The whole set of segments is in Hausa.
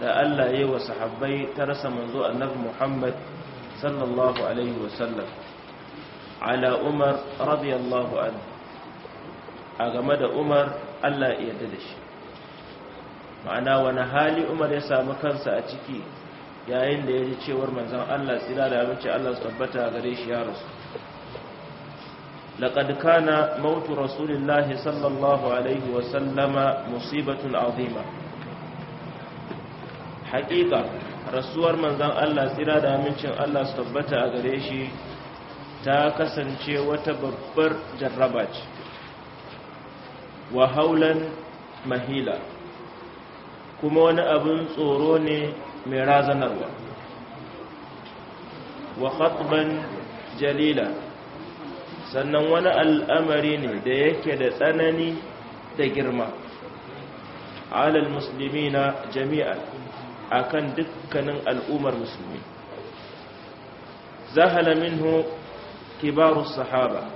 da Allah ya wa sahabbai ta rasa manzo annabi Muhammad sallallahu alaihi wasallam ala Umar radiyallahu anhu a game da Umar Allah ya yarda da shi ma'ana wani hali Umar ya samu kansa a ciki yayin da ya ji cewar manzon Allah tsira da abinci Allah su tabbata gare shi ya rasu لقد كان موت رسول الله صلى الله عليه وسلم مصيبة عظيمة haƙiƙa rasuwar manzan Allah tsira da amincin Allah su tabbata a gare shi ta kasance wata babbar jarraba ce wa mahila kuma wani abin tsoro ne mai razanarwa wa khatban jalila sannan wani al'amari ne da yake da tsanani da girma alal musulmi na jami'a a kan dukkanin al'ummar musulmi zahala minhu kibaru sahaba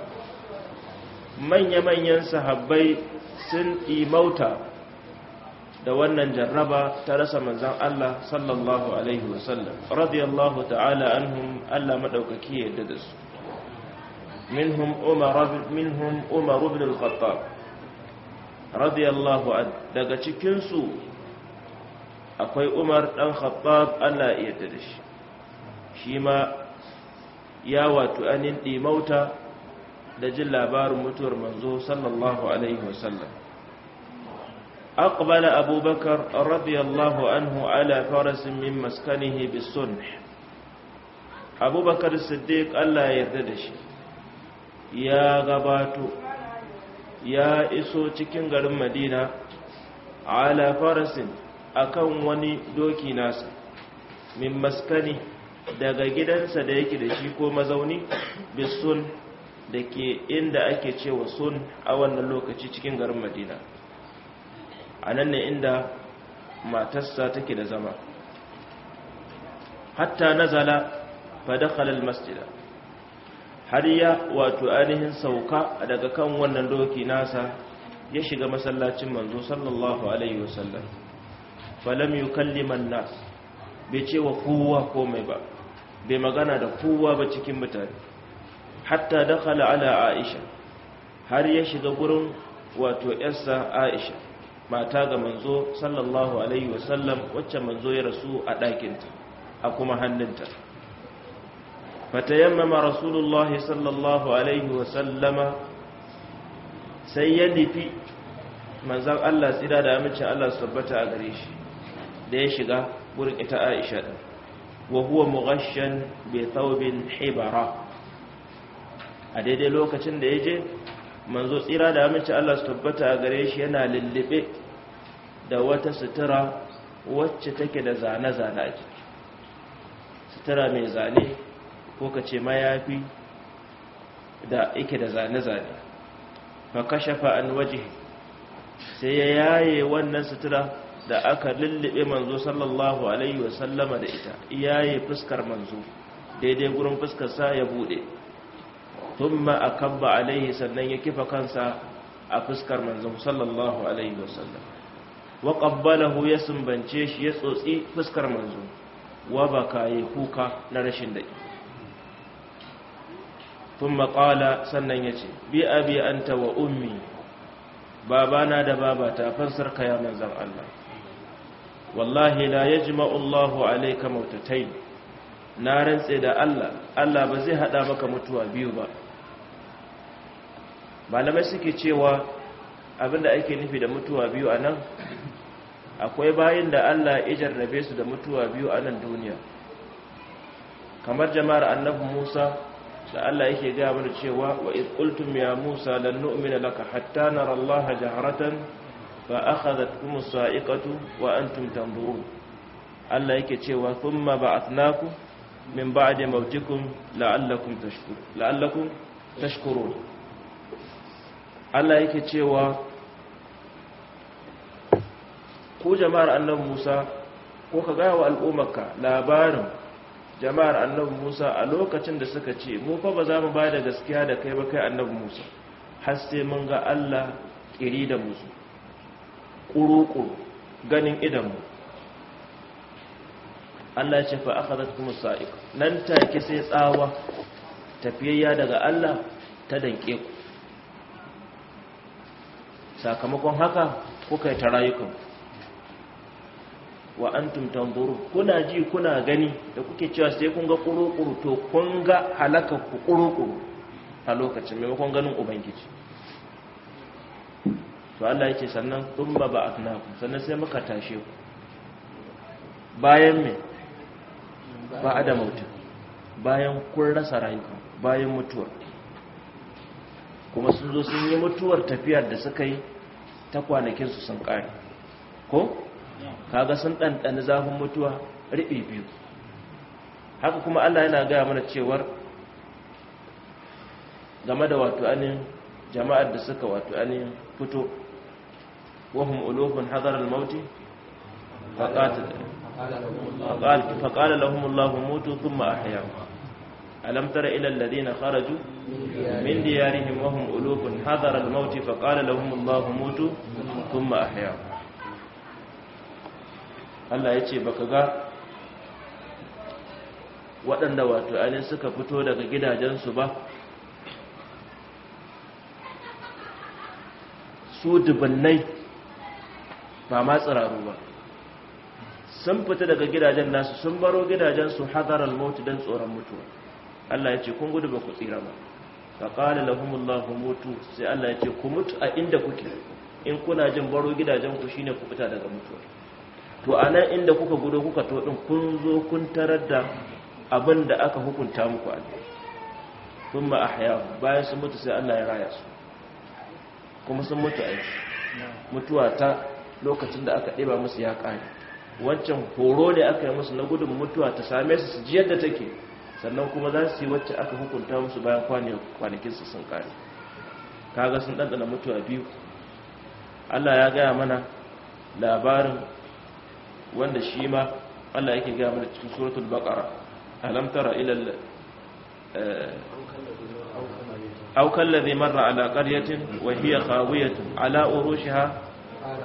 manya-manyan sahabbai sun imauta da wannan jarraba ta rasa manzan Allah sallallahu Alaihi wasallam radiyallahu ta'ala anhum Allah maɗaukaki yadda da su minhum umar ibn al-khattab radiyallahu an daga cikinsu akwai umar ɗan khattab allah ya yarda da shi shi ma ya wato anin ɗimauta da jin labarin mutuwar manzo sallallahu alaihi wasallam Abubakar أبو anhu ala الله min على فرس من مسكنه بالصنح Allah ya yarda da shi ya gabato ya iso cikin garin madina ala farasin akan wani doki nasa min maskani daga gidansa da yake da shi ko mazauni bisun da ke inda ake cewa sun a wannan lokaci cikin garin madina a nan ne inda matarsa take da zama hatta nazala fa dakhala al-masjida har ya wato ainihin sauka daga kan wannan doki nasa ya shiga masallacin manzo sallallahu alaihi wasallam falam yukallima nas bai ce wa kowa komai ba bai magana da kowa ba cikin mutane hatta dakhala ala aisha har ya shiga gurin wato yarsa aisha mata ga manzo sallallahu alaihi wasallam wacce manzo ya rasu a ɗakinta a kuma hannunta yammama rasulullahi sallallahu alaihi wasallama sai ya nufi manzan Allah tsira da amincin Allah su a gare shi da ya shiga wurin ita Aisha din wa huwa mughashshan bi thawbin a daidai lokacin da yaje manzo tsira da amincin Allah su tabbata a gare shi yana lullube da wata sutura wacce take da zane-zane a sutura mai zane ko ka ce mayafi da ike da zane-zane fa kashafa an waje sai ya yaye wannan sutura da aka lullube manzo sallallahu alaihi wasallama da ita yaye fuskar manzo daidai gurin fuskarsa ya bude thumma akabba alaihi sannan ya kifa kansa a fuskar manzo sallallahu alaihi sallam, wa qabbalahu ya sumbance shi ya tsotsi fuskar manzo wa ka yi kuka na rashin daƙi ثم قال sannan yace bi abi anta wa ummi babana da babata fansar ka ya manzon Allah wallahi la yajma'u Allahu alayka mautatayn na rantse da Allah Allah ba zai hada maka mutuwa biyu ba malamai suke cewa abinda ake nufi da mutuwa biyu anan akwai bayin da Allah ya jarrabe su da mutuwa biyu a nan duniya kamar jama'ar annabi Musa da Allah yake gaya mana cewa wa iz qultum ya Musa lan nu'mina laka hatta nara Allah jahratan fa akhadhatkum sa'iqatu wa antum tanzurun Allah yake cewa thumma ba'athnakum min ba'di mawtikum la'allakum tashkur la'allakum tashkurun Allah yake cewa ku jama'ar annabi Musa ko ka ga wa al'ummarka labarin jama'ar annabi Musa a lokacin da suka ce mu fa ba za mu ba da gaskiya da kai ba kai annabi Musa har sai mun ga Allah kiri da musu ƙuruƙuru ganin idanmu Allah ya ce fa akhadhat sa'iq nan take sai tsawa tafiyayya daga Allah ta danke ku sakamakon haka kuka yi ta rayukanku wa antum tanzurun kuna ji kuna gani da kuke cewa sai kun ga kurukuru to kun ga halaka ku kurukuru a lokacin maimakon ganin ubangiji to Allah yake sannan kun ba ba afnaku sannan sai muka tashe ku bayan me ba da mutum bayan kun rasa rayuka bayan mutuwar kuma sun zo sun yi mutuwar tafiyar da suka yi ta kwanakinsu sun ƙare ko kaga sun ɗanɗani zafin mutuwa riɓi biyu haka kuma Allah yana gaya mana cewar game da wato anin jama'ar da suka wato anin fito wahum ulufun hadar al فقال لهم الله موتوا ثم أحياهم ألم تر إلى الذين خرجوا من ديارهم وهم ألوف حذر الموت فقال لهم الله موتوا ثم أحياهم Allah ya ce baka ga waɗanda wato ainihin suka fito daga gidajensu ba su dubannai ba ma ba sun fita daga gidajen nasu sun baro gidajensu hadarar mautu don tsoron mutuwa Allah ya ce kun gudu ba ku tsira ba ka ƙala lahumullahu mutu sai Allah ya ce ku mutu a inda kuke in kuna jin baro gidajenku shine ku fita daga mutuwa to a nan inda kuka gudu kuka to ɗin, kun zo kun tarar da abin da aka hukunta muku a kai sun ma bayan sun mutu sai Allah ya raya su kuma sun mutu a mutuwa ta lokacin da aka ɗiba musu ya ƙare wancan horo ne aka yi musu na gudun mutuwa ta same su su ji yadda take sannan kuma za su yi wacce aka hukunta musu bayan kwanakinsu sun ƙari kaga sun ɗanɗana mutuwa biyu Allah ya gaya mana labarin wanda shi ma Allah yake ga mana cikin suratul baqara alam tara ila al aw kallazi marra ala qaryatin wa hiya khawiyatun ala urushiha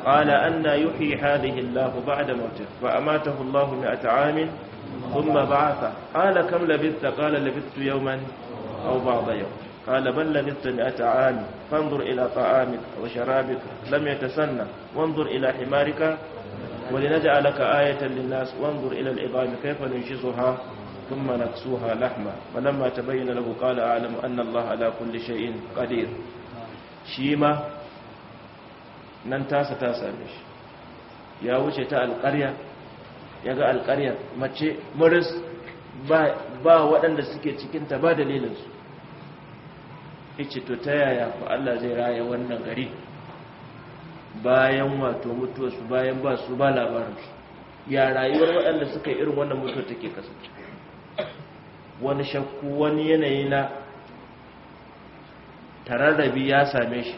qala anna yuhyi hadhihi Allah ba'da mawtih fa amatahu Allah mi'at aamin thumma ba'atha qala kam labitha qala labithtu yawman aw ba'da yawm قال بل لبثت مئة عام فانظر إلى طعامك وشرابك لم يتسنى وانظر إلى حمارك ولنجعلك آية للناس وانظر إلى العظام كيف ننشزها ثم نكسوها لحمة فلما تبين له قال أعلم أن الله على كل شيء قدير شيما ننتاس تاسامش يا وجه القرية ya ga alƙaryar mace maris ba waɗanda suke cikinta ba dalilinsu ice to ta yaya ku Allah zai raya wannan gari bayan wato mutuwarsu bayan ba su ba labaransu, ya rayuwar waɗanda suka yi irin wannan mutuwar take kasance wani shakku wani yanayi na tararrabi ya same shi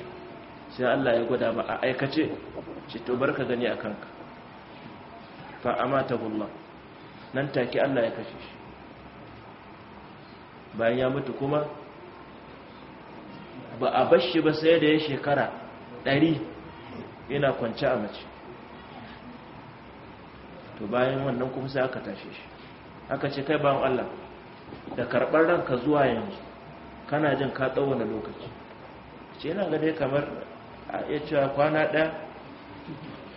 sai Allah ya gwada ba a aikace shi to barka gani a kanka fa amata gullah nan take Allah ya kashe shi bayan ya mutu kuma ba a bashi ba sai da ya shekara ɗari yana kwance a mace to bayan wannan kuma sai aka tashe shi aka ce kai bayan Allah da karɓar ranka zuwa yanzu kana jin ka na lokaci ce yana gane kamar a iya cewa kwana ɗaya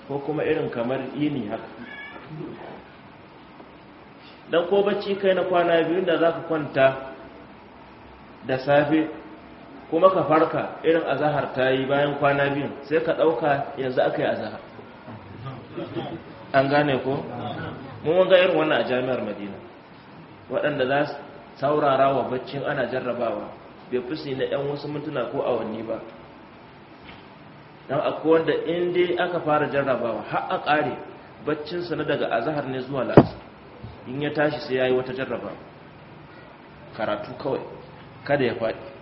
ko kuma irin kamar yini haka don ko bacci kai na kwana biyu da za ka kwanta da safe kuma ka farka irin azahar ta yi bayan kwana biyu sai ka ɗauka yanzu aka yi azahar an gane ko mun ga irin wannan a jami'ar madina waɗanda za su saurara wa baccin ana jarrabawa bai fusi na 'yan wasu mintuna ko awanni ba don akwai wanda in dai aka fara jarrabawa har a ƙare baccinsa na daga azahar ne zuwa lasa in ya tashi sai ya yi wata jarrabawa karatu kawai kada ya faɗi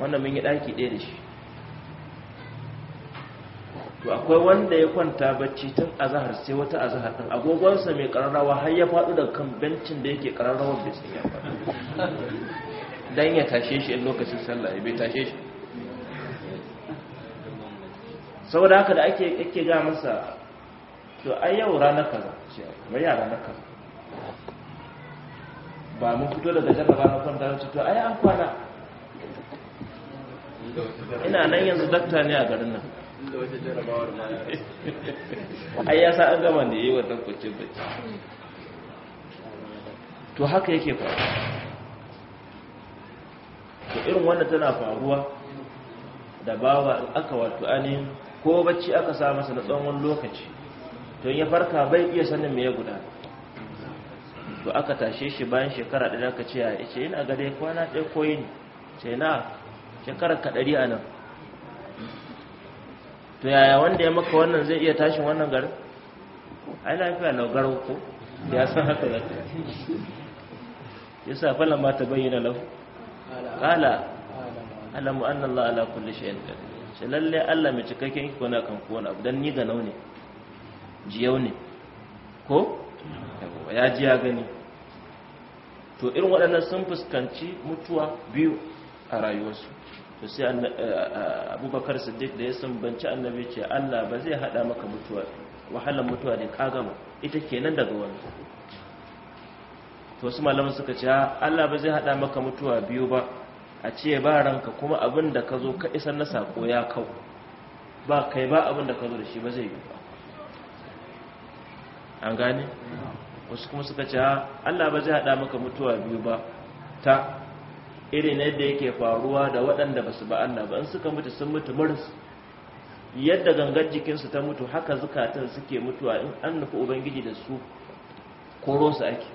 wannan mun yi ɗaki ɗaya da shi to akwai wanda ya kwanta bacci tun azahar sai wata azahar ɗin agogonsa mai ƙararrawa har ya faɗo daga kan bencin da yake ƙararrawar bai sun ya don ya tashe shi in lokacin sallah bai tashe shi saboda haka da ake ake ga masa to ai yau ranar kaza ce kamar yara na kaza ba mun fito daga jarraba na kwanta to ai an kwana ina nan yanzu dakta ne a garin nan ai ya sa an gama da yi wannan kwacin bacci to haka yake faru to irin wannan tana faruwa da bawa aka wato ainihin ko bacci aka sa masa na tsawon lokaci don ya farka bai iya sanin me ya guda to aka tashe shi bayan shekara ɗaya aka ce ya ce yana gade kwana ɗaya koyi ne ce na shekarar kaɗari a nan to yaya wanda ya maka wannan zai iya tashin wannan garin ai lafiya laugar ko ya san haka za ta ya sa falon ma ta bayyana lau ƙala alamu an Allah ala kulli shayin ka shi lalle Allah mai cikakken iko na kan kowane abu don ni ga ne jiyau ne ko ya ji ya gani to irin waɗannan sun fuskanci mutuwa biyu a rayuwarsu to sai eh, eh, abubakar siddiq da ya sumbanci annabi ce allah ba zai hada maka mutuwa wahalar mutuwa ne ka gama ita kenan daga wani to su malaman suka ce ah, allah ba zai hada maka mutuwa biyu ba a ce ba ranka kuma abin da ka zo ka isar na sako ya kau ba kai ba abin da ka zo da shi ba zai yi ba an gane wasu kuma suka ce ah, Allah ba zai hada maka mutuwa biyu ba ta irin yadda yake faruwa da waɗanda ba su ba Allah ba in suka mutu sun mutu muris yadda gangar jikinsu ta mutu haka zukatan suke mutuwa in an nufi ubangiji da su koro su ake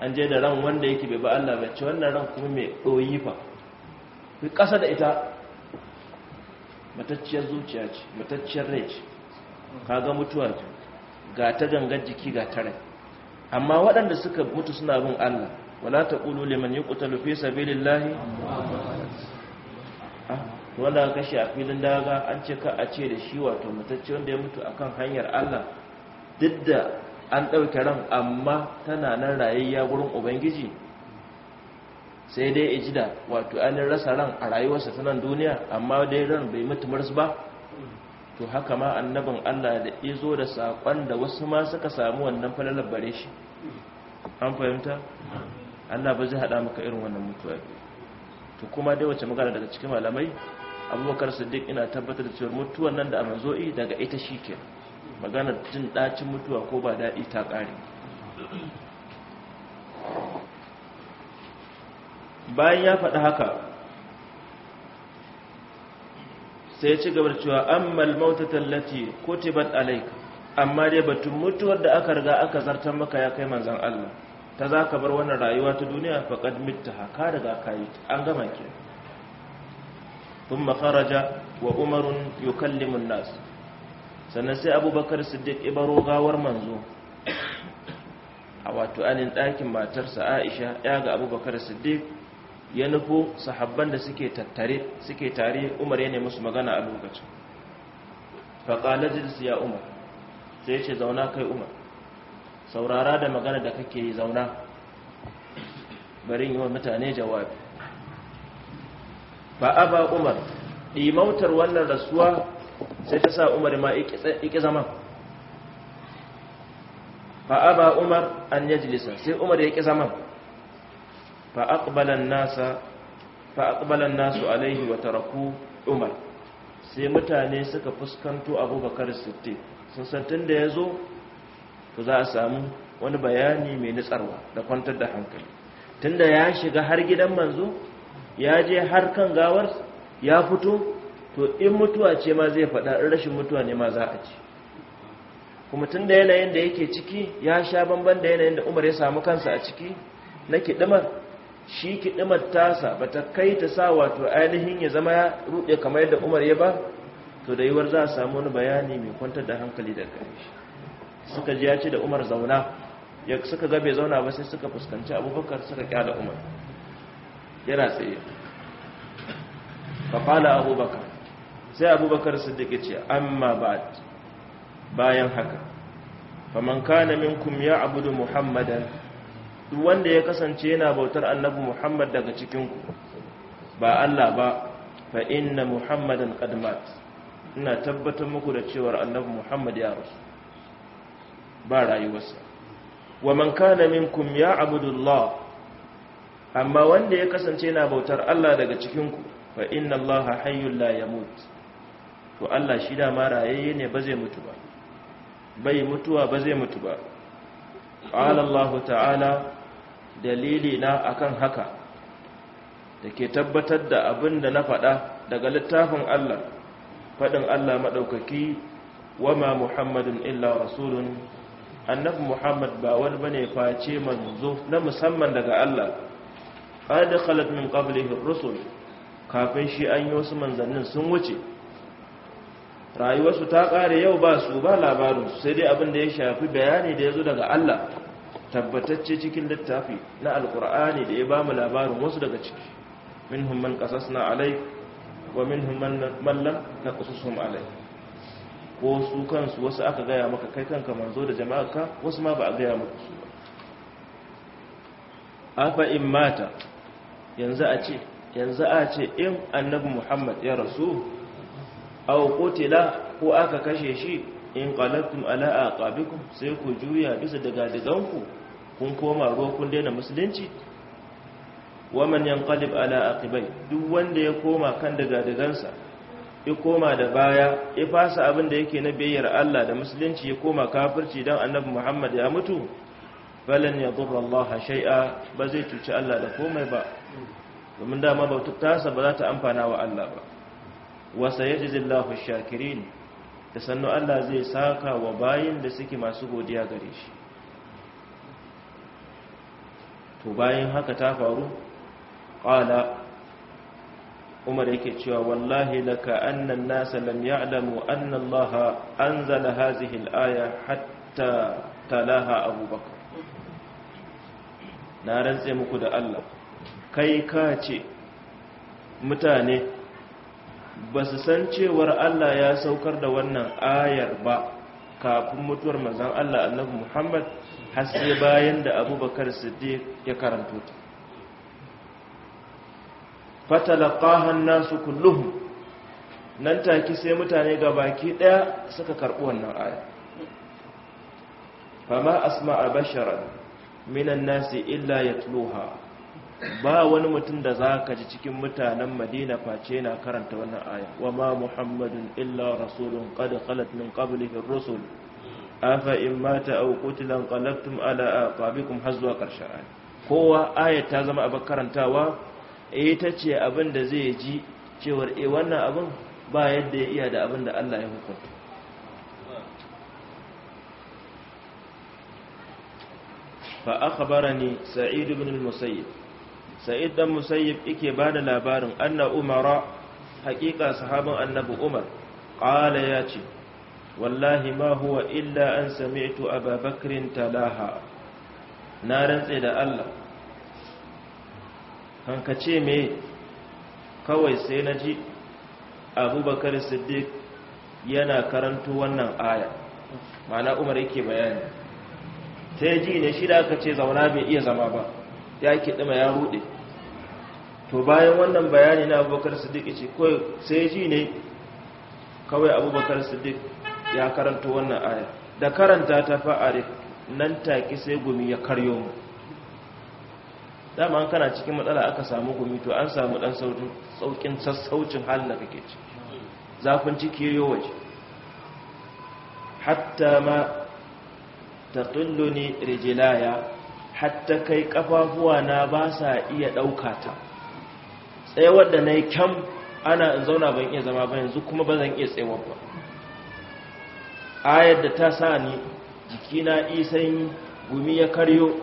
an je da ran wanda yake bai ba Allah ba ce wannan ran kuma mai ɗoyi fa fi ƙasa da ita matacciyar zuciya ce matacciyar rai ce ga mutuwa ce ga ta gangar jiki ga tare amma waɗanda suka mutu suna bin Allah wala taqulu liman yuqtalu fi sabilillahi wanda kashi a filin daga an ce ka a ce da shi wato mutacce wanda ya mutu akan hanyar Allah duk da an ɗauke ran amma tana nan rayayya wurin ubangiji sai dai ijida da wato an rasa ran a rayuwarsa ta nan duniya amma dai ran bai mutu mars ba to haka ma annabin Allah da izo da saƙon da wasu ma suka samu wannan falalar bare shi an fahimta Allah ba zai hada maka irin wannan mutuwa to kuma dai wace magana daga cikin malamai abubakar siddiq ina tabbatar da cewa mutuwan nan da amanzoi daga ita shike maganar jin dacin mutuwa ko ba dadi ta kare bayan ya faɗi haka sai ci gaba da cewa ammal mautatan lati kutibat alayka amma dai batun mutuwar da aka riga aka zartar maka ya kai manzon Allah ta za ka bar wannan rayuwa ta duniya faƙad mita haka daga kayi an gama ke kuma kharaja wa umarun yukallimun nasu, sannan sai abubakar siddiq ibaro gawar manzo a wato anin ɗakin matarsa aisha ya ga abubakar siddiq ya nufo sahabban da suke tattare suke tare umar ya ne musu magana a lokacin faƙalar ya umar sai ce zauna kai umar saurara da magana da kake zauna bari yi wa mutane jawabi ba ba umar imautar wannan rasuwa sai ta sa umar ma iki zama a ba umar an yajlisa sai umar ya ki zama ba a nasa nasu alaihi wa taraku umar sai mutane suka fuskanto abubakar siddiq sun da ya zo. to za a samu wani bayani mai nutsarwa da kwantar da hankali tunda ya shiga har gidan manzo ya je har kan gawar ya fito to in mutuwa ce ma zai faɗa in rashin mutuwa ne ma za a ci kuma tunda yanayin da yake ciki ya sha bamban da yanayin da umar ya samu kansa a ciki na kiɗimar shi kiɗimar tasa ba ta kai ta sa wato ainihin ya zama ya ruɗe kamar yadda umar ya ba to da yiwuwar za a samu wani bayani mai kwantar da hankali da shi. suka ji ya ce da umar zauna ya suka ga bai zauna ba sai suka fuskanci abubakar suka kyala umar yana tsaye faƙala abubakar sai abubakar su siddiq ce amma ba bayan haka faman kana minkum ya abudu muhammadan duk wanda ya kasance yana bautar annabi muhammad daga cikinku ba Allah ba fa inna muhammadan qad mat ina tabbatar muku da cewar annabi muhammad ya rasu ba rayuwarsa wa man kana minkum ya abudullah amma wanda ya kasance yana bautar Allah daga cikin ku fa inna Allah hayyul la yamut to Allah shi da ma rayayye ne ba zai mutu ba bai mutuwa ba zai mutu ba qala Allah ta'ala dalili na akan haka dake tabbatar da abin da na faɗa daga littafin Allah faɗin Allah maɗaukaki wama Muhammadun illa rasulun annabi muhammad ba wani bane face manzo na musamman daga Allah kada khalat min qablihi rusul kafin shi an yi wasu manzannin sun wuce rayuwarsu ta kare yau ba su ba labarin sai dai abin da ya shafi bayani da ya zo daga Allah tabbatacce cikin littafi na Alƙur'ani da ya ba mu labarin wasu daga ciki minhum man qasasna alai wa minhum man lam naqsusum alai ko su kansu wasu aka gaya maka kai kanka manzo da jama'arka wasu ma ba a gaya maka su ba afa in mata yanzu a ce yanzu a ce in annabi muhammad ya rasu aw qutila ko aka kashe shi in qalabtum ala aqabikum sai ku juya bisa daga ku, kun koma ruwa kun daina musulunci man yanqalib ala aqibai duk wanda ya koma kan daga digansa ya koma da baya ya fasa abin da yake na biyayyar Allah da musulunci ya koma kafirci don annabi Muhammad ya mutu falan yadurra Allah shai'a ba zai cuci Allah da komai ba domin dama bautar tasa ba za ta amfana wa Allah ba wa sayajizillahu shakirin da sannu Allah zai saka wa bayan da suke masu godiya gare shi to bayan haka ta faru qala umar yake cewa wallahi laka annan nasa lam ya'lamu anna allaha anzala hazihi al-aya hatta talaha abubakar na rantse muku da Allah kai ka ce mutane ba su san cewar Allah ya saukar da wannan ayar ba kafin mutuwar mazan Allah annabi Muhammad har sai bayan da abubakar siddiq ya karanto ta fatalaqaha an-nasu kulluhum nan take sai mutane ga baki daya suka karbi wannan aya fama asma'a basharan minan nasi illa yatluha ba wani mutum da za ka ji cikin mutanen madina face na karanta wannan aya wa muhammadun illa rasulun qad khalat min qablihi ar-rusul afa in mata aw qutila qalabtum ala aqabikum hazwa kowa aya ta zama abin karantawa Eh, ita ce abin da zai ji cewar e wannan abin ba yadda ya iya da abin da Allah ya hukunta fa akhbarani sa'id Sa'idu bin musayyib sa'id dan musayyib ba da labarin anna umara haƙiƙa sahabin annabi umar ƙala ya ce wallahi ma huwa illa an sami'tu ababakrin talaha na rantse da Allah kan ka ce me kawai sai na ji abubakar siddiq yana karanto wannan aya mana umar yake bayani ta ji ne shi da aka ce zauna bai iya zama ba ya ɗima ya ruɗe to bayan wannan bayani na abubakar siddiq ce kawai sai ji ne kawai abubakar siddiq ya karanto wannan aya da karanta ta fa'ari nan take sai gumi ya karyo mu dama an kana cikin matsala aka samu gumi to an samu dan saukin sassaucin halin da kake ci zafin ciki yayo waje hatta ma taqilluni rijlaya hatta kai kafafuwa na ba sa iya dauka ta tsayawar da nayi kyam ana zauna ban iya zama ba yanzu kuma ba zan iya tsayawa ba ayar da ta sa ni jikina isan gumi ya karyo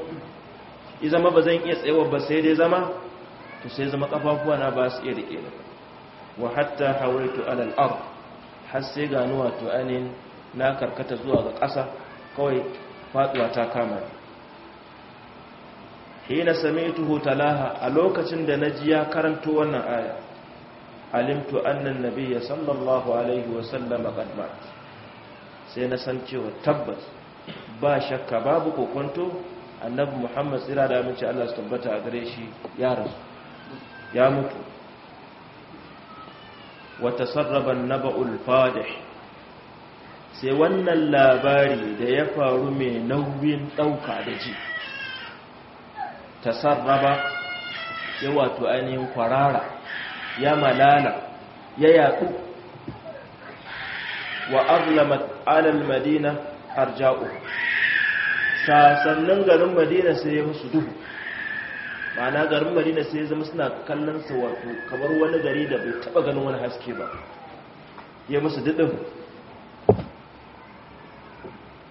yi zama ba zan iya tsayewa ba sai dai zama to sai zama kafafuwa na ba su iya rike ni wa hatta hawaitu alal ard har sai gani wato anin na karkata zuwa ga ƙasa kawai faduwa ta kama hina sami'tuhu talaha a lokacin da naji ya karanto wannan aya alimtu annan nabiyya sallallahu alaihi wa sallam qad sai na san cewa tabbas ba shakka babu kokonto annabi muhammad tsira da aminci allah su tabbata a gare shi ya rasu ya mutu wata sarraban naba'ul fadih sai wannan labari da ya faru mai nauyin ɗauka da ji ta sarraba ya wato ainihin kwarara ya malala ya yaƙu wa azlamat alal madina harja'u sasannin garin madina sai ya musu duhu ma'ana garin madina sai ya zama suna kallon su wato kamar wani gari da bai taba ganin wani haske ba ya musu dudin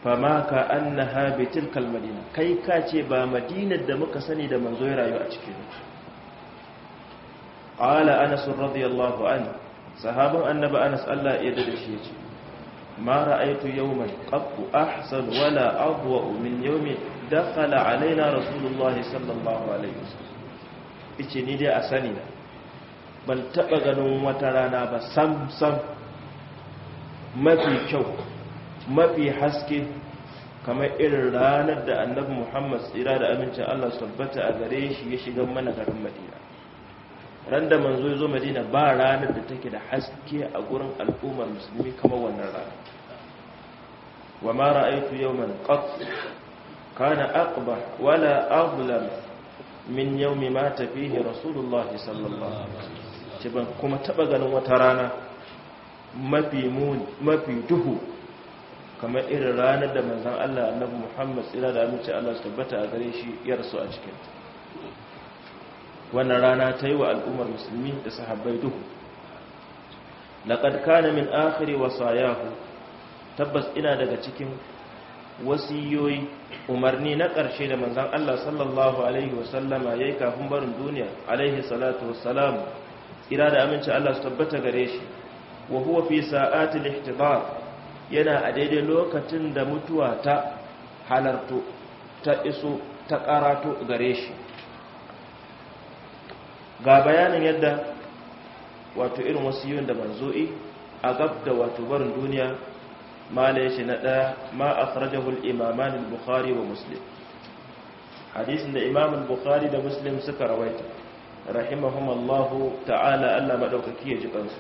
fama ka an na habitin kalmadina kai ka ce ba madinar da muka sani da manzo ya rayu a cikin ƙala anasun radiyallahu an sahabin annaba anas allah ya da shi ya ce ما رأيت يوما قط أحسن ولا أضوأ من يوم دخل علينا رسول الله صلى الله ice ni dai a sani na ban taɓa ganin wata rana ba sam sam mafi kyau mafi haske kamar irin ranar da annabi muhammad tsira da amincin allah tabbata a gare shi ya shiga mana garin madina ran da manzo zo madina ba ranar da take da haske a gurin al'ummar musulmi kamar wannan rana wa ma ra'aytu yawman qat kana aqbah wala azlam min yawmi ta fihi rasulullah sallallahu alaihi wasallam kuma taba ganin wata rana mafi muni mafi duhu kamar irin ranar da manzon Allah annabi Muhammad sallallahu alaihi wasallam ya tabbata a gare shi ya rasu a cikinta wannan rana ta yi wa al'ummar musulmi da sahabbai duhu laqad kana min akhiri wasayahu tabbas ina daga cikin wasiyoyi umarni na ƙarshe da manzon Allah sallallahu alaihi wasallama yayi kafin barin duniya alaihi salatu wassalam ira da aminci Allah su tabbata gare shi wa huwa fi sa'ati al yana a daidai lokacin da mutuwa ta halarto ta iso ta karato gare shi ga bayanin yadda wato irin wasu yiwun da manzo'i a gab da wato barin duniya mala ya na ɗaya ma a farajahul imamanin bukari wa muslim hadisin da imamin bukhari da muslim suka rawaita rahimahum allahu ta'ala allah maɗaukaki ya ji kansu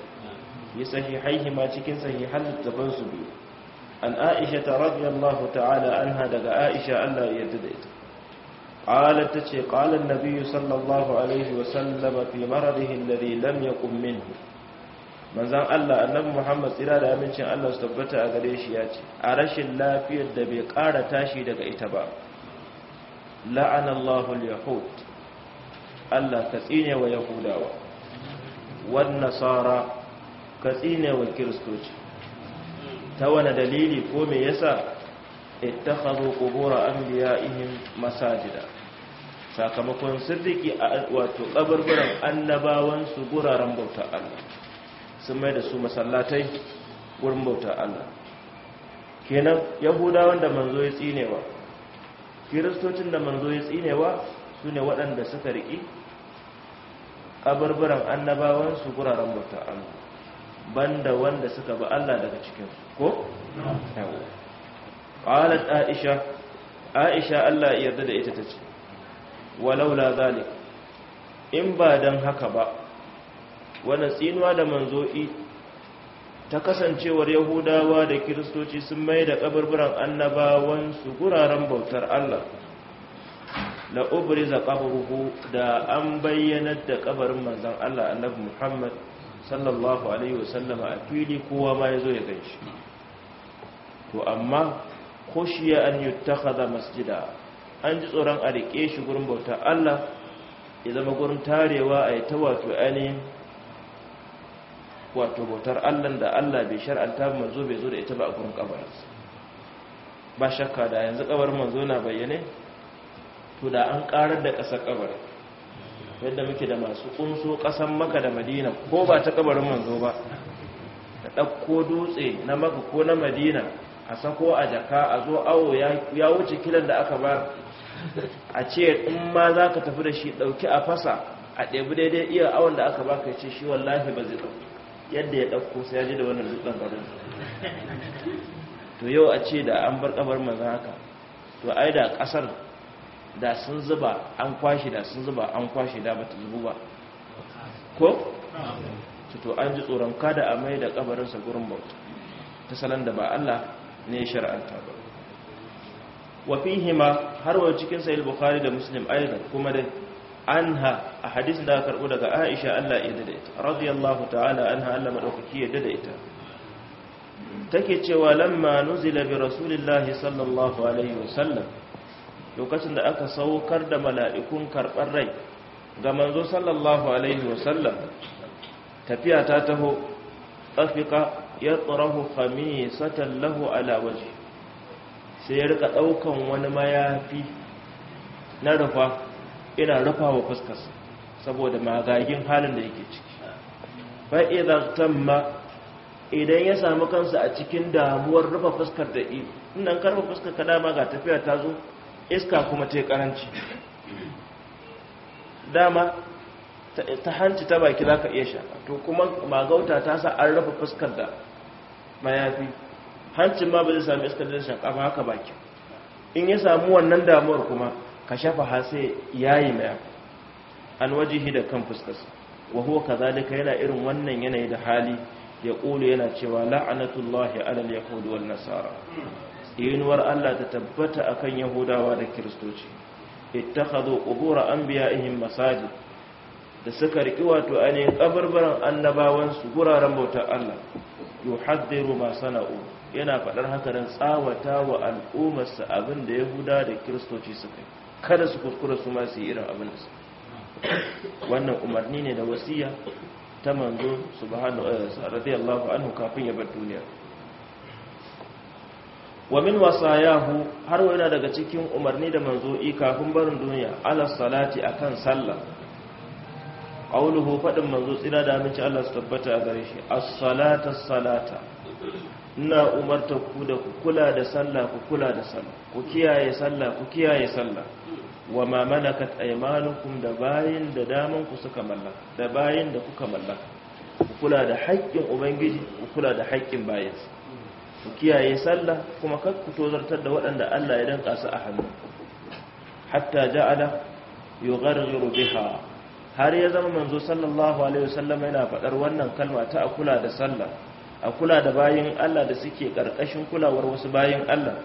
yi sahihaihi ma cikin sahihan littafansu biyu an aisha ta radiyallahu ta'ala anha daga aisha allah ya yarda da ita قالت تشي قال النبي صلى الله عليه وسلم في مرضه الذي لم يقم منه manzan Allah annabi Muhammad tsira da amincin Allah su tabbata a gare shi ya ce a rashin lafiyar da bai ƙara tashi daga ita ba la'anallahu Allahul yahud Allah ka tsine wa yahudawa wan nasara ka tsine wa kiristoci ta wani dalili ko me yasa ittakhadhu qubur anbiya'ihim masajida sakamakon sirriki a wato kaburburan annabawan su guraren bauta Allah sun mai da su masallatai wurin bauta Allah kenan yahudawan da manzo ya tsinewa kiristocin da manzo ya tsinewa su ne waɗanda suka riƙi kaburburan annabawan su guraren bauta Allah banda wanda suka ba Allah daga cikin ko qalat aisha aisha Allah yarda da ita tace walaula zalik in ba dan haka ba wannan tsinuwa da manzo'i ta kasancewar yahudawa da kiristoci sun mai da kaburburan su guraren bautar Allah la ubriza qabruhu da an bayyanar da kabarin manzon Allah annabi Muhammad sallallahu alaihi wasallam a fili kowa ma yazo ya ganshi to amma khushiya an yuttakhadha masjida an ji tsoron a riƙe shi gurin bauta Allah ya zama gurin tarewa a yi ta wato ainihin wato bautar Allah da Allah bai shar'anta manzo bai zo da ita ba a gurin kabarinsa ba shakka da yanzu kabar manzo na bayyane to da an karar da ƙasar kabar yadda muke da masu kunso ƙasar maka da madina ko ba ta kabarin manzo ba da ɗauko dutse na maka ko na madina a sako a jaka a zo awo ya wuce kilan da aka bar a ce in ma za ka tafi da shi ɗauki a fasa a ɗebi daidai iya awon da aka baka ce shi wallahi ba zai ɗauki yadda ya ɗauko sai ya ji da wannan zuɓen ƙarin to yau a ce da an bar ƙabar manzan haka to ai da ƙasar da sun zuba an kwashe da sun zuba an kwashe da bata zubu ba ko? to an ji tsoron kada a mai da ƙabarinsa gurin bauta ta salon da ba Allah ne shara'anta ba wa fihima har wa cikin sahih bukhari da muslim aidan kuma dai anha a hadisin da karbo daga aisha Allah ya dade ita radiyallahu ta'ala anha Allah madaukaki ya dade ita take cewa lamma nuzila bi rasulillahi sallallahu alaihi wasallam lokacin da aka saukar da mala'ikun karbar rai ga manzo sallallahu alaihi wasallam tafiya ta taho tsafika ya tsarahu khamisatan lahu ala wajhi sai ya rika daukan wani mayafi na rufa ina rufa wa fuskarsa saboda magagin halin da yake ciki fa idan tamma idan ya samu kansa a cikin damuwar rufa fuskar da yi nan karfa fuskar ka dama ga tafiya ta zo iska kuma ta karanci dama ta hanci ta baki za ka iya sha to kuma magauta ta sa an rufe fuskar da mayafi hancin ma ba zai sami iskar da kafa haka baki in ya samu wannan damuwar kuma ka shafa ha sai yayi mai an waje da kan fuskarsa wa huwa kazalika yana irin wannan yanayi da hali ya kulu yana cewa la'anatullahi alal yahudi wal nasara yinuwar Allah ta tabbata akan yahudawa da kiristoci ittakhadhu qubur anbiya'ihim masajid da suka riki wato ainihin kabarbaran annabawan su guraren bautar Allah yuhaddiru ma sana'u yana fadar haka dan tsawata wa sa abin da yahuda da kiristoci suka kai kada su kuskura su ma su yi irin abin da su wannan umarni ne da wasiya ta manzo subhanahu eh, radiyallahu anhu kafin ya bar duniya wa min wasayahu har wa yana daga cikin umarni da manzo i kafin barin duniya ala salati akan sallah qawluhu faɗin manzo tsina da aminci Allah su tabbata a gare shi a salata salata ina umarta ku da ku kula da sallah ku kula da sallah ku kiyaye sallah ku kiyaye sallah wa ma malakat aymanukum da bayin da daman ku suka mallaka da bayin da kuka mallaka ku kula da haƙƙin ubangiji ku kula da haƙƙin bayis ku kiyaye sallah kuma kar ku tozartar da waɗanda Allah ya danka su a hannu hatta ja'ala yugharghiru biha har ya zama manzo sallallahu alaihi wasallam yana faɗar wannan kalma ta a da sallah a kula da bayin Allah da suke karkashin kulawar wasu bayin Allah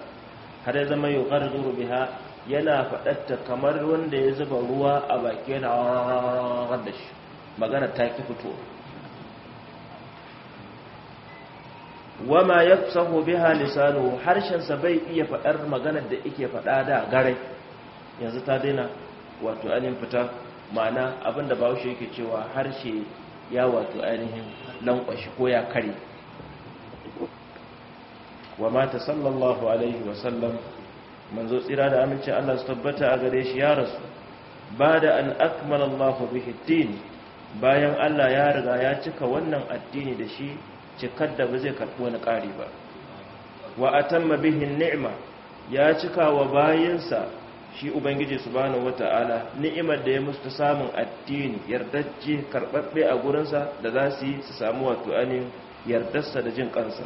har ya zama yuqarriru biha yana faɗarta kamar wanda ya zuba ruwa a baki yana da shi magana ta ki fito wama yafsahu biha lisanu harshen sa bai iya faɗar maganar da yake faɗa da gare yanzu ta daina wato alin fita ma'ana abinda bahaushe yake cewa harshe ya wato ainihin lankwashi ko ya kare wa mata sallallahu alaihi wasallam manzo tsira da aminci Allah su tabbata a gare shi ya rasu ba da an akmala Allahu bihi din bayan Allah ya riga ya cika wannan addini da shi cikar da ba zai karɓi wani ƙari ba wa atamma bihi ni'ma ya cika wa bayinsa shi ubangiji subhanahu wata'ala ni'imar da ya musu ta samun addini yardacce karbabbe a gurinsa da za su yi su samu wato anin yardarsa da jin kansa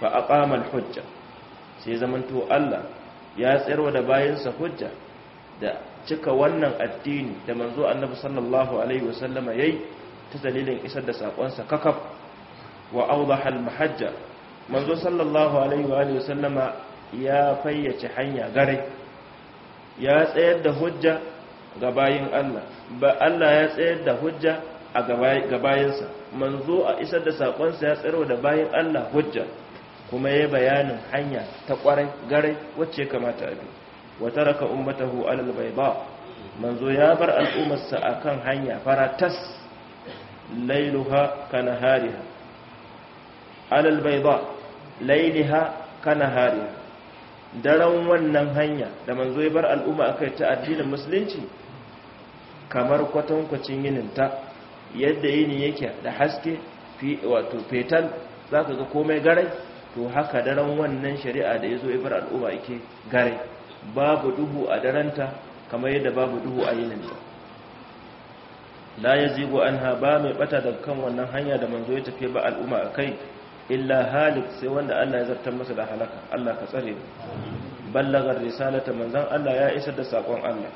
fa aqama al-hujja sai zamanto Allah ya tsayarwa da bayansa hujja da cika wannan addini da manzo annabi sallallahu alaihi wasallama yayi ta dalilin isar da sakonsa kakaf wa awdaha al-mahajja manzo sallallahu alaihi wa alihi wasallama ya fayyace hanya gare ya tsayar da hujja ga bayin Allah ba Allah ya tsayar da hujja a ga manzo a isar da saƙonsa ya tsaro da bayin Allah hujja kuma ya bayanin hanya ta kwarai garai wacce kamata a bi wa taraka ummatahu alal bayda manzo ya bar al'ummarsa akan hanya faratas lailuha Hariha. alal bayda kana Hariha. daren wannan hanya da manzo ya bar al'umma akai ta addinin musulunci kamar kwatankwacin yininta yadda yini yake da haske wato fetal za ka ga komai garai to haka daren wannan shari'a da ya zo bar al'umma yake garai babu duhu a daranta kamar yadda babu duhu a yininta la ya zigo an ha ba mai bata daga kan wannan hanya da manzo ya tafi ba al'umma akai. illa halik sai wanda Allah ya zartar masa da halaka Allah ka tsare ballagar risalata manzon Allah ya isar da sakon Allah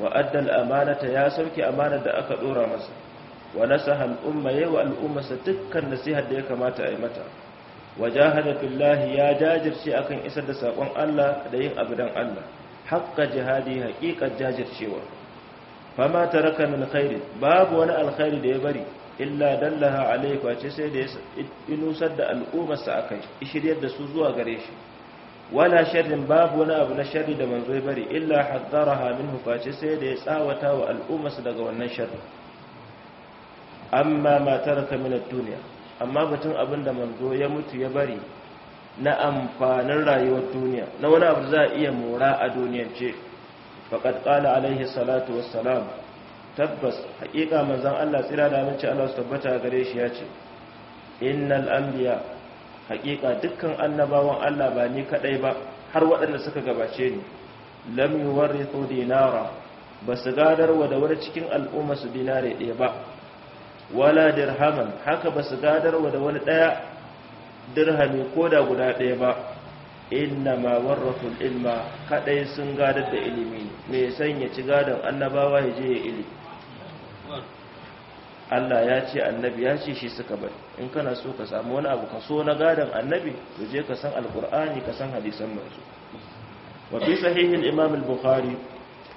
wa addal amanata ya sauke amanar da aka dora masa wa nasaha al-umma wa al-ummasa dukkan nasihar da ya kamata a yi mata wajahada billahi ya jajirce akan isar da sakon Allah da yin abu dan Allah haqqa jihadi haqiqat jajircewa fama taraka min khairi babu wani alkhairi da ya bari illa dallaha alaihi kwace sai da inusar da al'ummarsa akai shiryar da su zuwa gare shi wala sharrin babu wani abu na sharri da manzo ya bari illa haddaraha minhu kwace sai da ya tsawata wa al'ummarsa daga wannan sharri amma ma taraka min ad-dunya amma batun abin da manzo ya mutu ya bari na amfanin rayuwar duniya na wani abu za a iya mora a duniyance faqad qala alaihi salatu wassalam tabbas haƙiƙa manzan Allah tsira da aminci Allah su tabbata gare shi ya ce innal anbiya haƙiƙa dukkan annabawan Allah ba ni kaɗai ba har waɗanda suka gabace ni lam yuwarithu dinara ba su wa da wani cikin al'umma su dinare ɗaya ba wala dirhaman haka ba su wa da wani ɗaya dirhami ko da guda ɗaya ba inna ma warrathul ilma kaɗai sun gadar da ilimi mai sanya ci gadon annabawa ya je ya ilimi Allah ya ce annabi ya ce shi suka bari in kana so ka samu wani abu ka so na gadon annabi to je ka san alkur'ani ka san hadisan manzo wa fi sahihin imam al-bukhari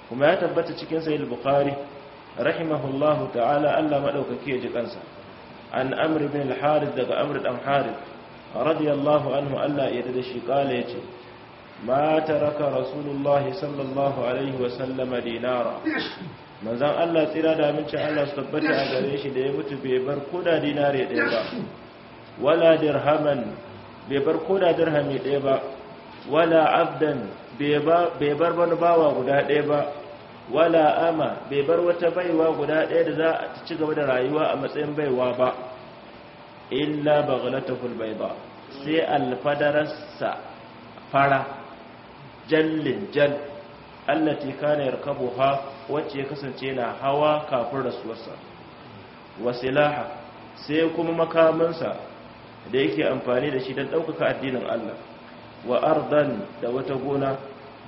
kuma ya tabbata cikin sahih al-bukhari rahimahullahu ta'ala Allah madaukaki ya ji kansa an amr ibn al-harith daga amr dan harith radiyallahu anhu Allah ya dade shi kala yace ma taraka rasulullahi sallallahu alaihi wa sallam dinara manzan Allah tsira da amince Allah su tabbata a gare shi da ya mutu bai bar koda dinare ɗaya ba wala dirhaman bai bar koda dirhami ɗaya ba wala abdan bai bar wani bawa guda ɗaya ba wala ama bai bar wata baiwa guda ɗaya da za a ci gaba da rayuwa a matsayin baiwa ba illa baghlatahu ba. sai alfadararsa fara jallin jall allati kana yarkabuha wacce ya kasance na hawa kafin rasuwarsa wasilaha sai kuma makamansa da yake amfani da shi don ɗaukaka addinin Allah wa ardan da wata gona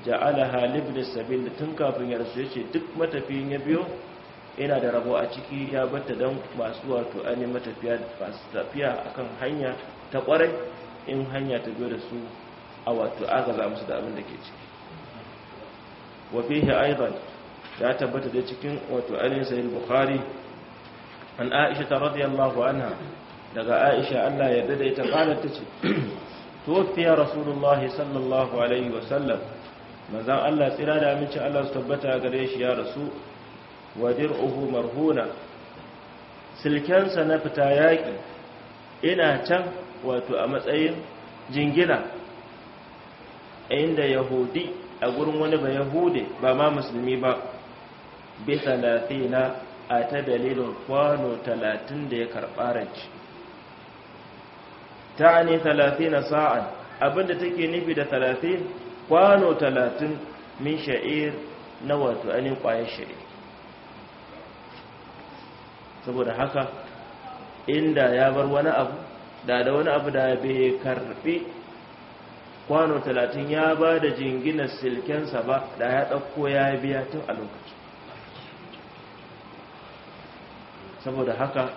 ja'alaha libni sabil da tun kafin ya rasu yace duk matafiyin ya biyo ina da rabo a ciki ya batta don masu wato ani matafiya tafiya akan hanya ta kwarai in hanya ta biyo da su a wato agaza musu da abin da ke ciki wa fihi aidan ya tabbata da cikin wato ainihin sahih bukhari an aisha ta radiyallahu anha daga aisha Allah ya dade ta kana tace tuwfiya rasulullahi sallallahu alaihi wa sallam Allah tsira da amince Allah su tabbata gare shi ya rasu wa dir'uhu marhuna silkensa na fita yaƙi ina can wato a matsayin jingina inda yahudi a gurin wani ba yahude ba ma musulmi ba bi na a ta dalilin kwano talatin da ya karɓa ranci ta ne talatina sa'an abinda take nufi da talatin kwano talatin min sha'ir na wato ainihin ƙwayar sha'ir saboda haka inda ya bar wani abu da da wani abu da bai karɓi kwano talatin ya ba da jingina silkensa ba da ya ɗauko ya biya tun a lokaci saboda haka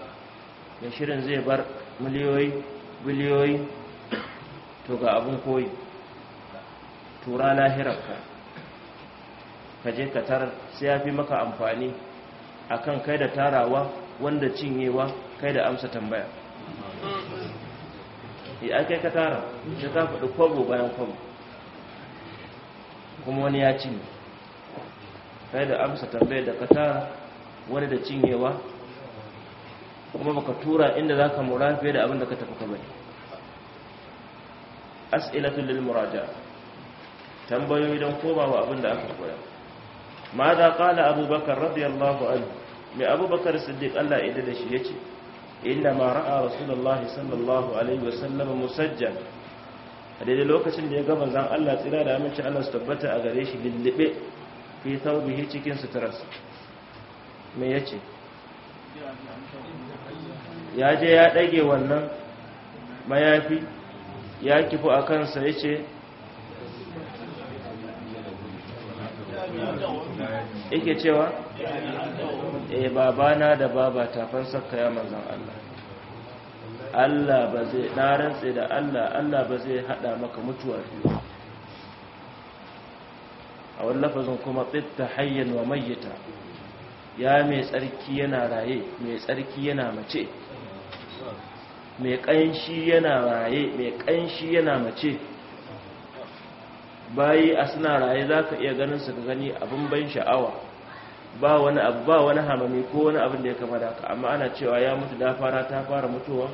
mai shirin zai bar miliyoyi biliyoyi to ga abin koyi tura lahirarka ka je ka tarar sai ya fi maka amfani a kan kai da tarawa wanda cinyewa kai da amsa tambaya ya eh, kai ka tara da ka faɗi kwabo bayan kwabo kuma wani ya cinye kai da amsa tambaya da ka tara wani da cinyewa kuma baka tura inda za ka mura fiye da abin da ka tafi ka bari as'ilatul lil muraja tambayoyi don komawa abin da aka koya ma da qala abubakar radiyallahu anhu mai abubakar siddiq Allah ya da shi yace inna ma ra'a rasulullahi sallallahu alaihi wasallam musajjan a daidai lokacin da ya gama zan Allah tsira da aminci Allah su tabbata a gare shi lillibe fi thawbihi cikin suturarsa me ce? ya je ya ɗage wannan mayafi ya kifu a kansa ya ce yake cewa e babana da baba tafan saka ya manzan Allah Allah ba zai na rantse da Allah Allah ba zai hada maka mutuwa biyu a wani lafazin kuma tsitta hayyan wa mayyata. ya mai tsarki yana raye mai tsarki yana mace mai ƙanshi yana raye mai ƙanshi yana mace bayi a suna raye za ka iya ganin su ka gani abin ban sha'awa ba wani abu ba wani hamami ko wani abin da ya kama da ka amma ana cewa ya mutu dafara ta fara mutuwa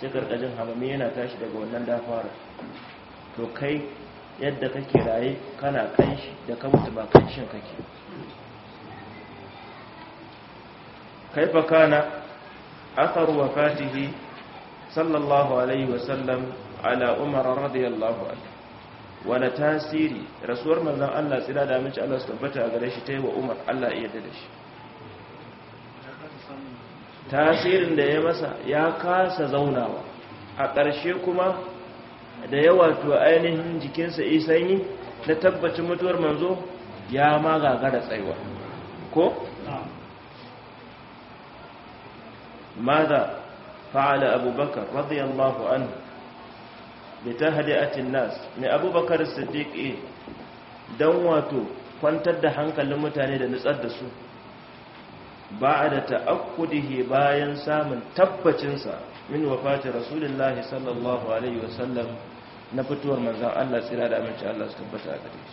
sai karkajin hamami yana tashi daga wannan dafara to kai yadda kake raye kana kanshi da ka mutu ba kanshin kake كيف kana أثر wafatihi sallallahu alaihi wa sallam, على عمر رضي الله wani tasiri rasuwar manzon Allah tsira da aminci Allah su tabbata a gare shi ta yi wa umar Allah iya da shi tasirin da ya masa ya kasa zaunawa a ƙarshe kuma da yawa to ainihin jikinsa sanyi na tabbacin mutuwar manzo ya ma gagara tsaiwa ko ماذا فعل abubakar بكر رضي الله عنه بتهدئة الناس من أبو بكر الصديق إيه دواتو kwantar da hankalin mutane da nutsar da su ba da ta'akkudihi bayan samun tabbacinsa min wafati rasulullahi sallallahu alaihi wasallam na fitowar manzan Allah tsira da aminci Allah su tabbata a gare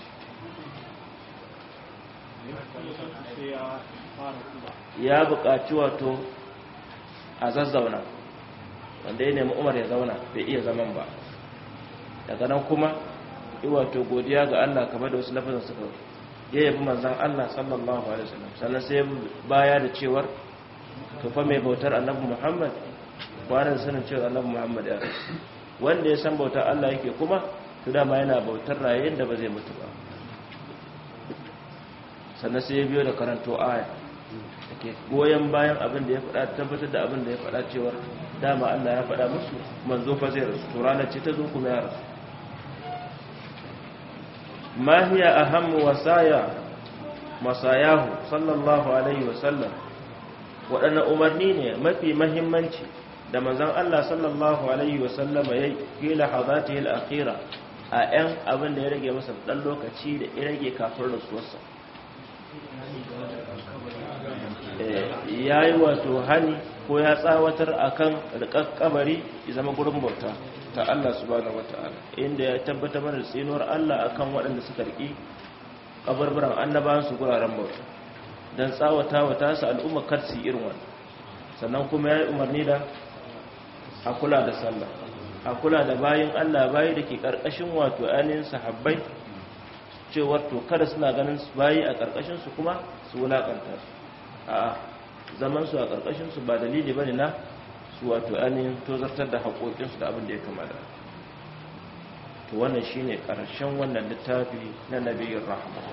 ya buƙaci wato a zazzauna wanda ya nemi umar ya zauna bai iya zaman ba daga nan kuma iwato godiya ga allah kamar da wasu lafazin suka ya yabi manzan allah sallallahu alaihi wasallam sannan sai baya da cewar tufa mai bautar annabi muhammad kwanan sanin cewar annabi muhammad ya rasu wanda ya san bautar allah yake kuma to dama yana bautar raye da ba zai mutu ba sannan sai ya biyo da karanto aya goyon bayan abin da ya faɗa tabbatar da abin da ya faɗa cewar dama Allah ya faɗa musu manzo fa zai rasu to ranar ce ta zo kuma ya rasu ma hiya ahammu wasaya masayahu sallallahu alaihi wasallam waɗanne umarni ne mafi muhimmanci da manzon Allah sallallahu alaihi wasallam ya kila hadatihi al-akhira a 'yan abin da ya rage masa ɗan lokaci da ya rage kafin rasuwarsa Eh, ya yi wato hani ko ya tsawatar a kan rikar kamari ya zama gurin bauta ta Allah Su subhanahu wata'ala inda ya tabbata mana tsinuwar Allah a kan waɗanda suka an na annabawan su guraren bauta don tsawata wa tasu al'umma kar su irin wani, sannan kuma ya yi umarni da a kula da sallah a kula da bayin Allah bayi da ke karkashin wato ainihin sahabbai cewar to kada suna ganin bayi a ƙarƙashinsu kuma su wulakanta su a zamansu a karkashin su ba dalili bane na su wato ainihin tozartar da haƙoƙinsu su da abin da ya kamata to wannan shine karshen wannan littafi na nabiyyin rahma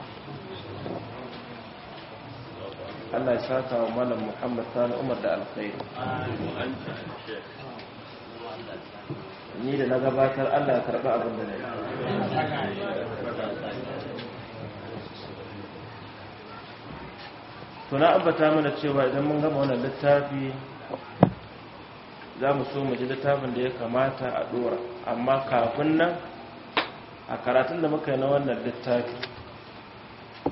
Allah ya saka wa malam Muhammad Sani Umar da Alkairi. ni da na gabatar Allah ya karɓi abin da na to na abata mana cewa idan mun gama wannan littafi za mu so mu ji littafin da ya kamata a dora amma kafin nan a karatun da muka yi na wannan littafi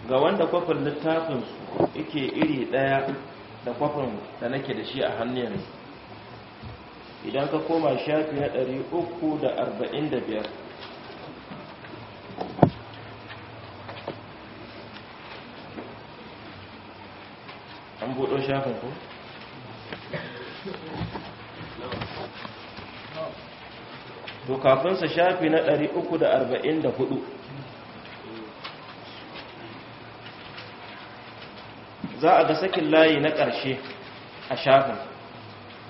ga wanda kwafin littafin su yake iri daya da kwafin da nake da shi a hannu yanzu idan ka koma shafi na 345 an buɗo shafin ku to kafinsa shafi na 344 za a ga sakin layi na ƙarshe a shafin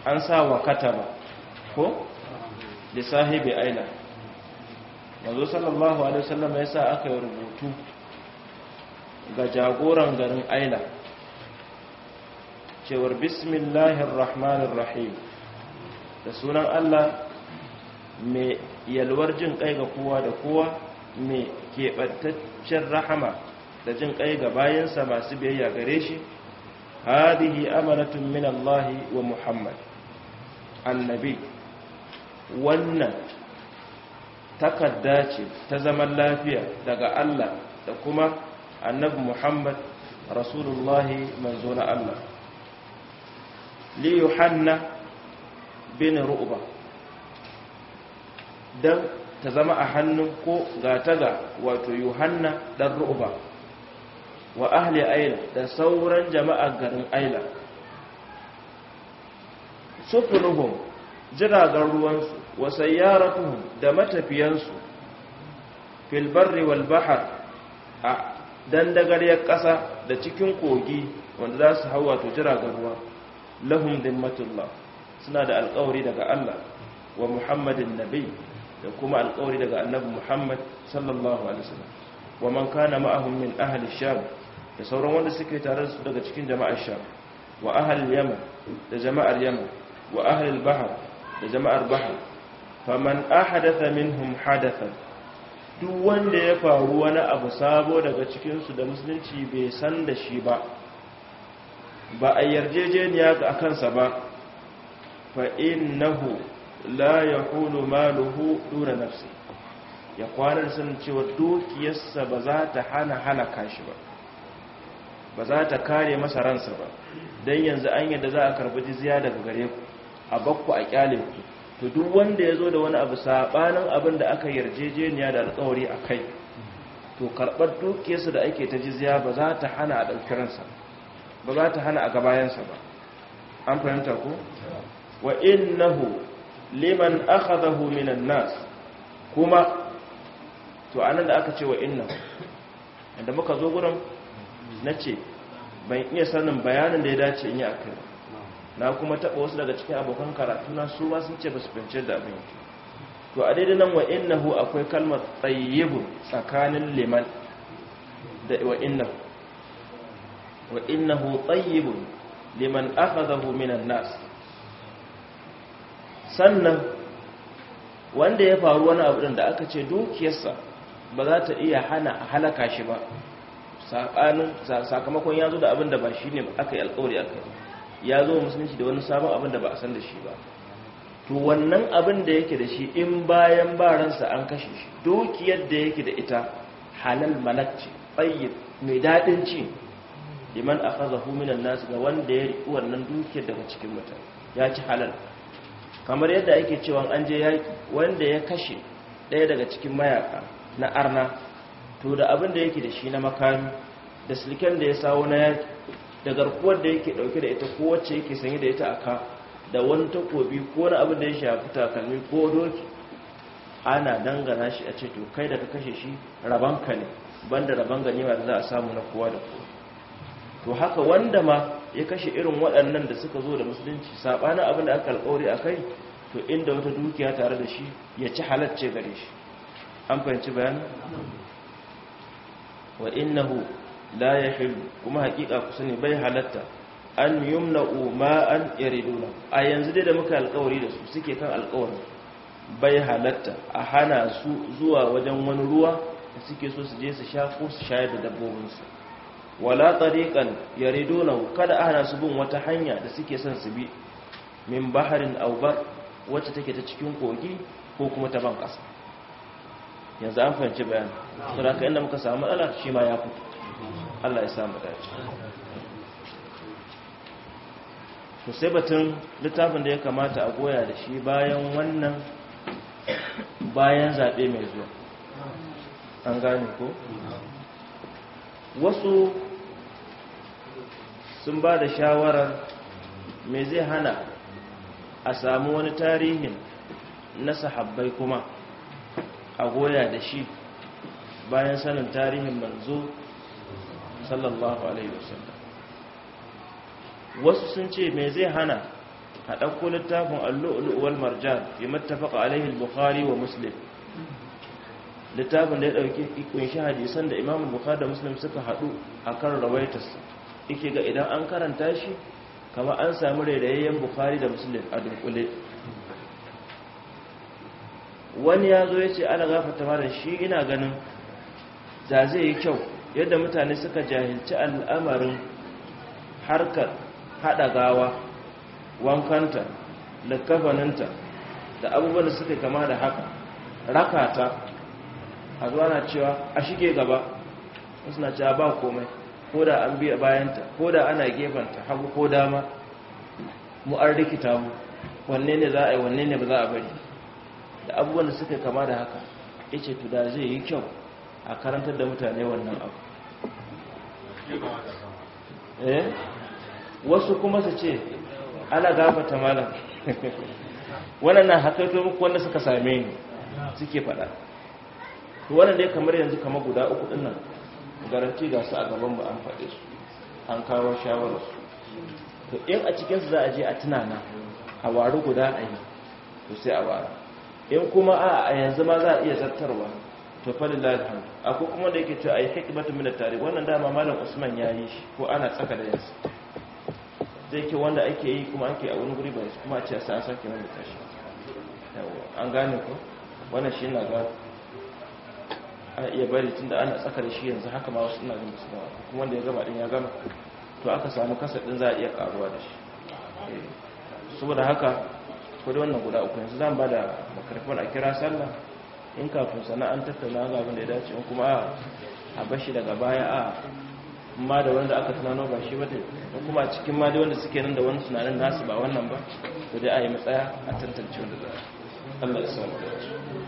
an sa wa kataba ko da sahibi aila yanzu sallallahu alaihi wasallam ya sa aka yi rubutu ga jagoran garin aila cewar bismillahir rahmanir rahim da sunan Allah mai yalwar jin kai ga kowa da kowa mai keɓantaccen rahama da jin kai ga bayansa masu biyayya gare shi hadihi amanatun min Allah wa Muhammad annabi wannan takarda ce ta zaman lafiya daga Allah da kuma annabi Muhammad rasulullahi manzo na Allah li yuhanna bin ru'ba dan ta zama a hannun ko gata ga wato yuhanna dan ru'ba wa ahli aila da sauran jama'a garin aila sufunuhum jiragen ruwansu wa sayyaratuhum da matafiyansu fil barri wal bahar a ya ƙasa da cikin kogi wanda za su hawa to jiragen ruwa lahum dhimmatullah suna da alƙawari daga Allah wa Muhammadin nabi da kuma alƙawari daga annabi Muhammad sallallahu alaihi wasallam wa man kana ma'ahum min ahli sham da sauran wanda suke tare da su daga cikin jama'ar sham wa ahli yaman da jama'ar yaman wa ahli al-bahr da jama'ar bahr faman ahadatha minhum hadathan duk wanda ya faru wani abu sabo daga cikin su da musulunci bai san da shi ba ba a yarjejeniya ga kansa ba fa innahu la yaqulu maluhu dura nafsi ya kwanar sun cewa dukiyarsa ba za ta hana halaka shi ba ba za ta kare masa ransa ba don yanzu an yadda za a karbi jiziya daga gare ku a bakku a kyale ku to duk wanda ya zo da wani abu sabanin abin da aka yarjejeniya da alkawari a kai to karɓar dukiyarsa da ake ta jiziya ba za ta hana a ɗauki ransa ba za ta hana a gabayansa ba an fahimta ko wa innahu liman akhadahu minan nas kuma to anan da aka ce wa innahu da muka zo gurin nace ban iya sanin bayanin da ya dace in yi akai na kuma taba wasu daga cikin abokan karatu na su ba sun ce ba su fahimci da abin to a daidai nan wa innahu akwai kalmar tsayyibun tsakanin liman da wa innahu wa innahu tayyibun liman akhadahu minan nas sannan wanda ya faru wani abu da aka ce dukiyarsa ba za ta iya hana a halaka shi ba sakamakon ya zo da abin da ba shi ne aka yi alkawari aka yi ya zo musulunci da wani sabon abin da ba a san da shi ba to wannan abin da yake da shi in bayan baransa an kashe shi dukiyar da yake da ita halal malakci tsayyib mai daɗin ci liman akhazahu minan nas ga wanda ya riku wannan dukiyar daga cikin mutane ya ci halal kamar yadda ake cewa an je yaki wanda ya kashe ɗaya daga cikin mayaka na arna to da abin da yake da shi na makami da silken da ya sawo na yaki da garkuwar da yake dauke da ita ko wacce yake sanye da ita aka da wani takobi ko wani abin da ya shafi takalmi ko doki ana dangana shi a ce to kai da ka kashe shi rabanka ne banda rabanga ne da za a samu na kowa da kowa to haka wanda ma ya kashe irin waɗannan da suka zo da musulunci sabana abin da aka alƙawari a kai to inda wata dukiya tare da shi ya ci halacce gare shi an fahimci bayan wa innahu la yahil kuma haƙiƙa kusa ne bai halatta an an ma'an yariduna a yanzu dai da muka alƙawari da su suke kan alƙawari bai halatta a hana su zuwa wajen wani ruwa da suke so su je su sha ko su shayar da dabbobinsu wala tariqan yaridunahu kada ana su bin wata hanya da suke son su bi min baharin aw bar wacce take ta cikin kogi ko kuma ta ban kasa yanzu an fahimci bayan saboda ka inda muka samu matsala shi ma ya fito Allah ya samu dace to sai batun littafin da ya kamata a goya da shi bayan wannan bayan zaɓe mai zuwa an gane ko wasu sun ba da shawarar me zai hana a samu wani tarihin na sahabbai kuma a goya da shi bayan sanin tarihin manzo sallallahu alaihi wasallam wasu sun ce me zai hana a ɗauko littafin allu'ulu wal marjan fi mattafaqa alaihi al wa muslim littafin da ya ɗauki ikon hadisan da imam bukhari da muslim suka haɗu a kan rawaitarsa yake ga idan an karanta shi kama an sami rairayayyen bukari da musulun a dunkule wani ya zo ya ce ana gafata mara shi ina ganin za zai yi kyau yadda mutane suka jahilci al'amarin harkar haɗa gawa wankanta da kafaninta da abubuwan da suka kama da haka rakata a zuwa na cewa a shige gaba wasu na cewa ba komai ko da an biya bayanta ko da ana gefanta hagu ko dama mu an rikita mu wanne ne za a yi wanne ne ba za a bari da abubuwan da suka kama da haka ya ce da zai yi kyau a karantar da mutane wannan abu eh? wasu kuma su ce ana gafata malam wannan na hakaito muku wanda suka same ni suke faɗa wannan dai kamar yanzu kama guda uku ɗin nan garanti ga su a gaban ba an faɗe su an kawo shawarar su to in a cikin su za a je a tunana a waru guda a yi to sai a wara in kuma a yanzu ma za a iya zartarwa to falilahi hamdu akwai kuma da yake cewa a yi hikimatu mina tare wannan dama malam usman ya yi shi ko ana tsaka da yansu zai ke wanda ake yi kuma ake a wani guri ba kuma a ce a sa an sake wanda tashi an gane ku wannan shi na gano ana iya bari tun da ana tsaka shi yanzu haka ma wasu ina gama da gama kuma wanda ya gama din ya gama to aka samu kasa din za a iya karuwa da shi eh, saboda haka ko wannan guda uku yanzu zan ba da makarfin a kira sallah in kafin sana'an tattauna ga abin da ya dace in kuma a bashi daga baya a ma da wanda aka tunano ba shi ba da kuma a cikin ma da wanda suke nan da wani tunanin nasu ba wannan ba da dai a yi matsaya a tantance wanda za a Allah ya samu da